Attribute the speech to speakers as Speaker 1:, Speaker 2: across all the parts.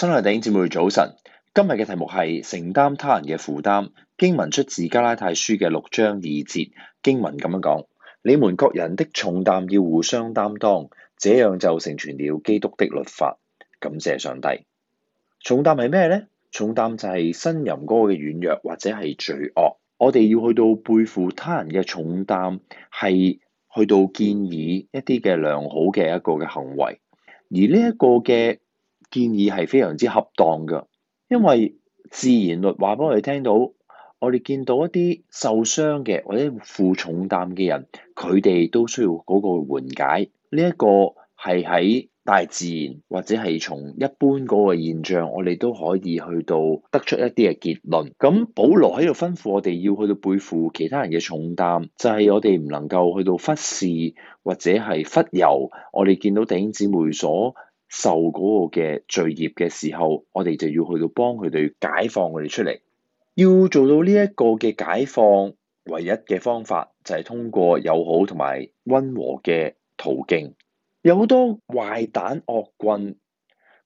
Speaker 1: 親愛的弟兄姊妹早晨，今日嘅題目係承擔他人嘅負擔。經文出自加拉太書嘅六章二節，經文咁樣講：，你們各人的重擔要互相擔當，這樣就成全了基督的律法。感謝上帝。重擔係咩呢？重擔就係呻吟嗰個嘅軟弱或者係罪惡。我哋要去到背負他人嘅重擔，係去到建議一啲嘅良好嘅一個嘅行為，而呢一個嘅。建議係非常之恰當嘅，因為自然律話俾我哋聽到，我哋見到一啲受傷嘅或者負重擔嘅人，佢哋都需要嗰個緩解。呢、這、一個係喺大自然或者係從一般嗰個現象，我哋都可以去到得出一啲嘅結論。咁保羅喺度吩咐我哋要去到背負其他人嘅重擔，就係、是、我哋唔能夠去到忽視或者係忽遊。我哋見到弟兄姊妹所受嗰個嘅罪孽嘅時候，我哋就要去到幫佢哋解放佢哋出嚟。要做到呢一個嘅解放，唯一嘅方法就係通過友好同埋溫和嘅途徑。有好多壞蛋惡棍，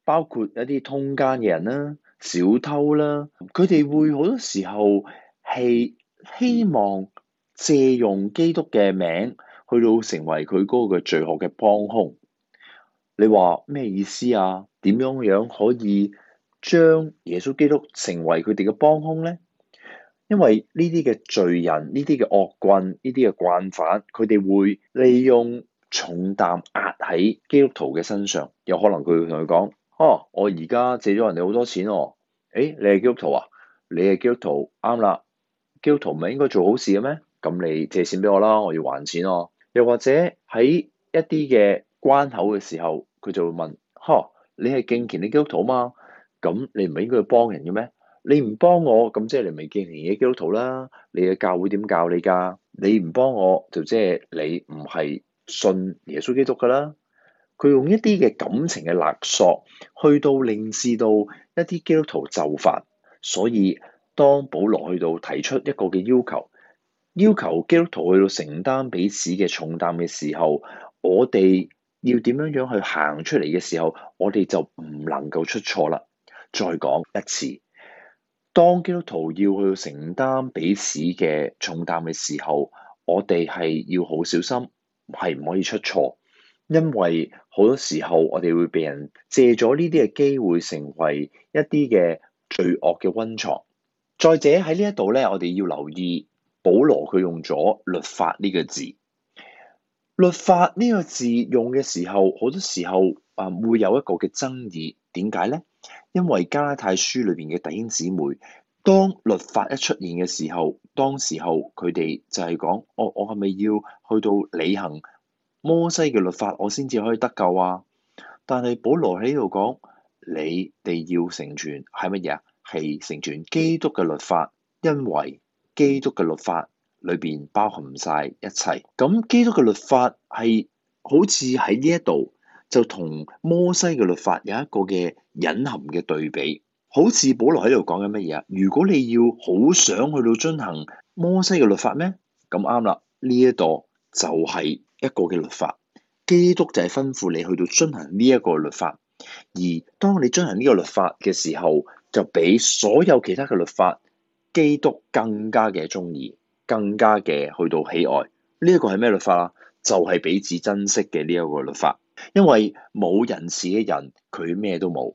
Speaker 1: 包括一啲通姦嘅人啦、小偷啦，佢哋會好多時候係希望借用基督嘅名去到成為佢嗰個嘅罪惡嘅幫兇。你話咩意思啊？點樣樣可以將耶穌基督成為佢哋嘅幫凶咧？因為呢啲嘅罪人、呢啲嘅惡棍、呢啲嘅慣犯，佢哋會利用重擔壓喺基督徒嘅身上。有可能佢會同佢講：哦、啊，我而家借咗人哋好多錢哦。誒，你係基督徒啊？你係基督徒，啱啦。基督徒唔係應該做好事嘅咩？咁你借錢俾我啦，我要還錢哦。又或者喺一啲嘅關口嘅時候，佢就會問：呵，你係敬虔嘅基督徒嗎？咁你唔係應該去幫人嘅咩？你唔幫我，咁即係你未敬虔嘅基督徒啦。你嘅教會點教你㗎？你唔幫我，就即係你唔係信耶穌基督㗎啦。佢用一啲嘅感情嘅勒索，去到令視到一啲基督徒就範。所以當保羅去到提出一個嘅要求，要求基督徒去到承擔彼此嘅重擔嘅時候，我哋要點樣樣去行出嚟嘅時候，我哋就唔能夠出錯啦。再講一次，當基督徒要去承擔彼此嘅重擔嘅時候，我哋係要好小心，係唔可以出錯，因為好多時候我哋會被人借咗呢啲嘅機會，成為一啲嘅罪惡嘅溫床。再者喺呢一度咧，我哋要留意保羅佢用咗律法呢個字。律法呢個字用嘅時候，好多時候啊會有一個嘅爭議，點解咧？因為加拉太書裏邊嘅弟兄姊妹，當律法一出現嘅時候，當時候佢哋就係講：我我係咪要去到履行摩西嘅律法，我先至可以得救啊？但係保羅喺度講：你哋要成全係乜嘢啊？係成全基督嘅律法，因為基督嘅律法。裏邊包含晒一切。咁基督嘅律法係好似喺呢一度就同摩西嘅律法有一個嘅隱含嘅對比。好似保羅喺度講緊乜嘢啊？如果你要好想去到遵行摩西嘅律法咩？咁啱啦，呢一個就係一個嘅律法。基督就係吩咐你去到遵行呢一個律法。而當你遵行呢個律法嘅時候，就比所有其他嘅律法基督更加嘅中意。更加嘅去到喜愛，呢一個係咩律法啊？就係彼此珍惜嘅呢一個律法，因為冇仁慈嘅人，佢咩都冇。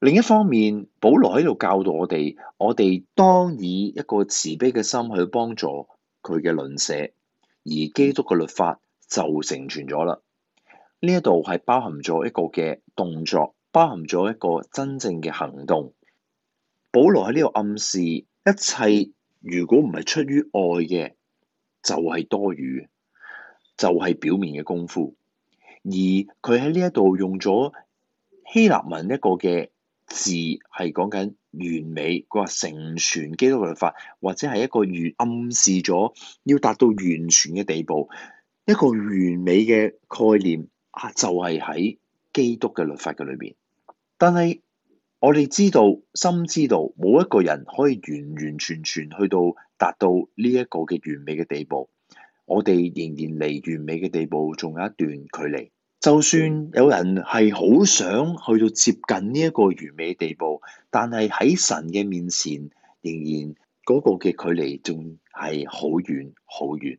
Speaker 1: 另一方面，保羅喺度教導我哋，我哋當以一個慈悲嘅心去幫助佢嘅鄰舍，而基督嘅律法就成全咗啦。呢一度係包含咗一個嘅動作，包含咗一個真正嘅行動。保羅喺呢度暗示一切。如果唔係出於愛嘅，就係、是、多餘，就係、是、表面嘅功夫。而佢喺呢一度用咗希臘文一個嘅字，係講緊完美。佢話成全基督嘅律法，或者係一個完暗示咗要達到完全嘅地步，一個完美嘅概念啊，就係、是、喺基督嘅律法嘅裏邊。但係，我哋知道，深知道冇一個人可以完完全全去到達到呢一個嘅完美嘅地步。我哋仍然離完美嘅地步仲有一段距離。就算有人係好想去到接近呢一個完美嘅地步，但係喺神嘅面前，仍然嗰個嘅距離仲係好遠好遠。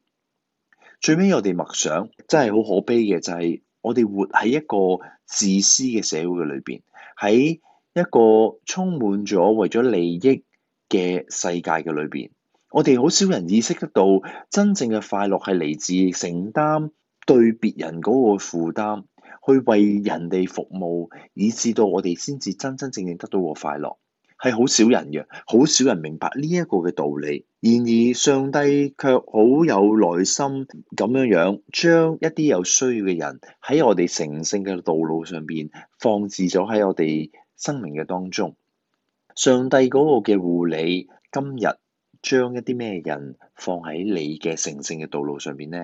Speaker 1: 最尾我哋默想，真係好可悲嘅就係、是、我哋活喺一個自私嘅社會裏邊喺。一個充滿咗為咗利益嘅世界嘅裏邊，我哋好少人意識得到真正嘅快樂係嚟自承擔對別人嗰個負擔，去為人哋服務，以至到我哋先至真真正正得到個快樂，係好少人嘅，好少人明白呢一個嘅道理。然而上帝卻好有耐心咁樣樣，將一啲有需要嘅人喺我哋成聖嘅道路上邊放置咗喺我哋生命嘅當中，上帝嗰個嘅護理，今日將一啲咩人放喺你嘅成聖嘅道路上面呢？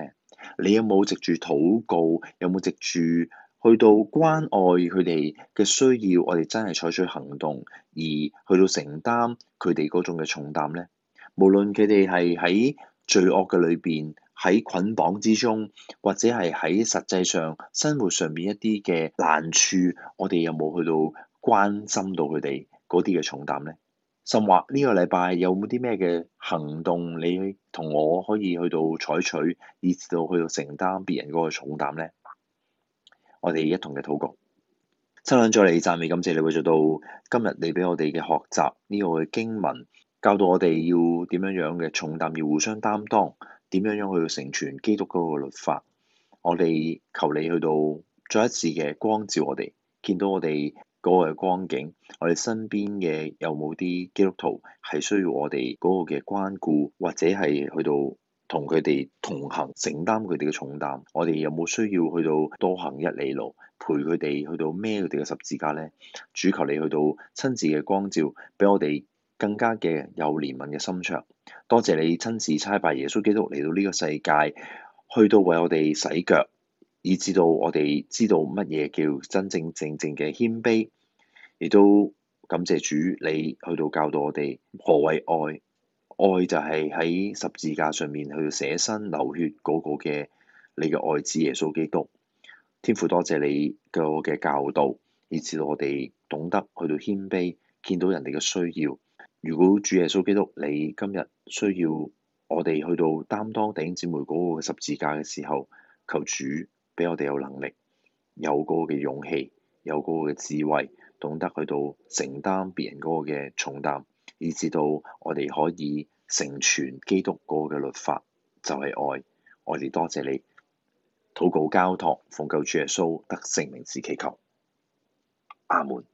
Speaker 1: 你有冇藉住禱告，有冇藉住去到關愛佢哋嘅需要？我哋真係採取行動，而去到承擔佢哋嗰種嘅重擔呢？無論佢哋係喺罪惡嘅裏邊，喺捆綁之中，或者係喺實際上生活上面一啲嘅難處，我哋有冇去到？關心到佢哋嗰啲嘅重擔咧，甚至呢個禮拜有冇啲咩嘅行動，你同我可以去到採取，以至到去到承擔別人嗰個重擔咧。我哋一同嘅禱告，親恩再嚟讚美感謝你，會做到今日你俾我哋嘅學習呢個經文，教到我哋要點樣樣嘅重擔要互相擔當，點樣樣去到成全基督嗰個律法。我哋求你去到再一次嘅光照我哋，見到我哋。嗰個光景，我哋身邊嘅有冇啲基督徒係需要我哋嗰個嘅關顧，或者係去到同佢哋同行，承擔佢哋嘅重擔？我哋有冇需要去到多行一里路，陪佢哋去到孭佢哋嘅十字架呢？主求你去到親自嘅光照，俾我哋更加嘅有憐憫嘅心腸。多謝你親自差派耶穌基督嚟到呢個世界，去到為我哋洗腳。以至到我哋知道乜嘢叫真正正正嘅謙卑，亦都感謝主，你去到教導我哋何謂愛，愛就係喺十字架上面去到捨身流血嗰個嘅你嘅愛子耶穌基督。天父多謝你嘅嘅教導，以至到我哋懂得去到謙卑，見到人哋嘅需要。如果主耶穌基督，你今日需要我哋去到擔當弟兄姊妹嗰個十字架嘅時候，求主。俾我哋有能力，有個嘅勇氣，有個嘅智慧，懂得去到承擔別人嗰個嘅重擔，以至到我哋可以成全基督嗰個嘅律法，就係愛。我哋多謝你，禱告交託奉救主耶穌得勝名字祈求，阿門。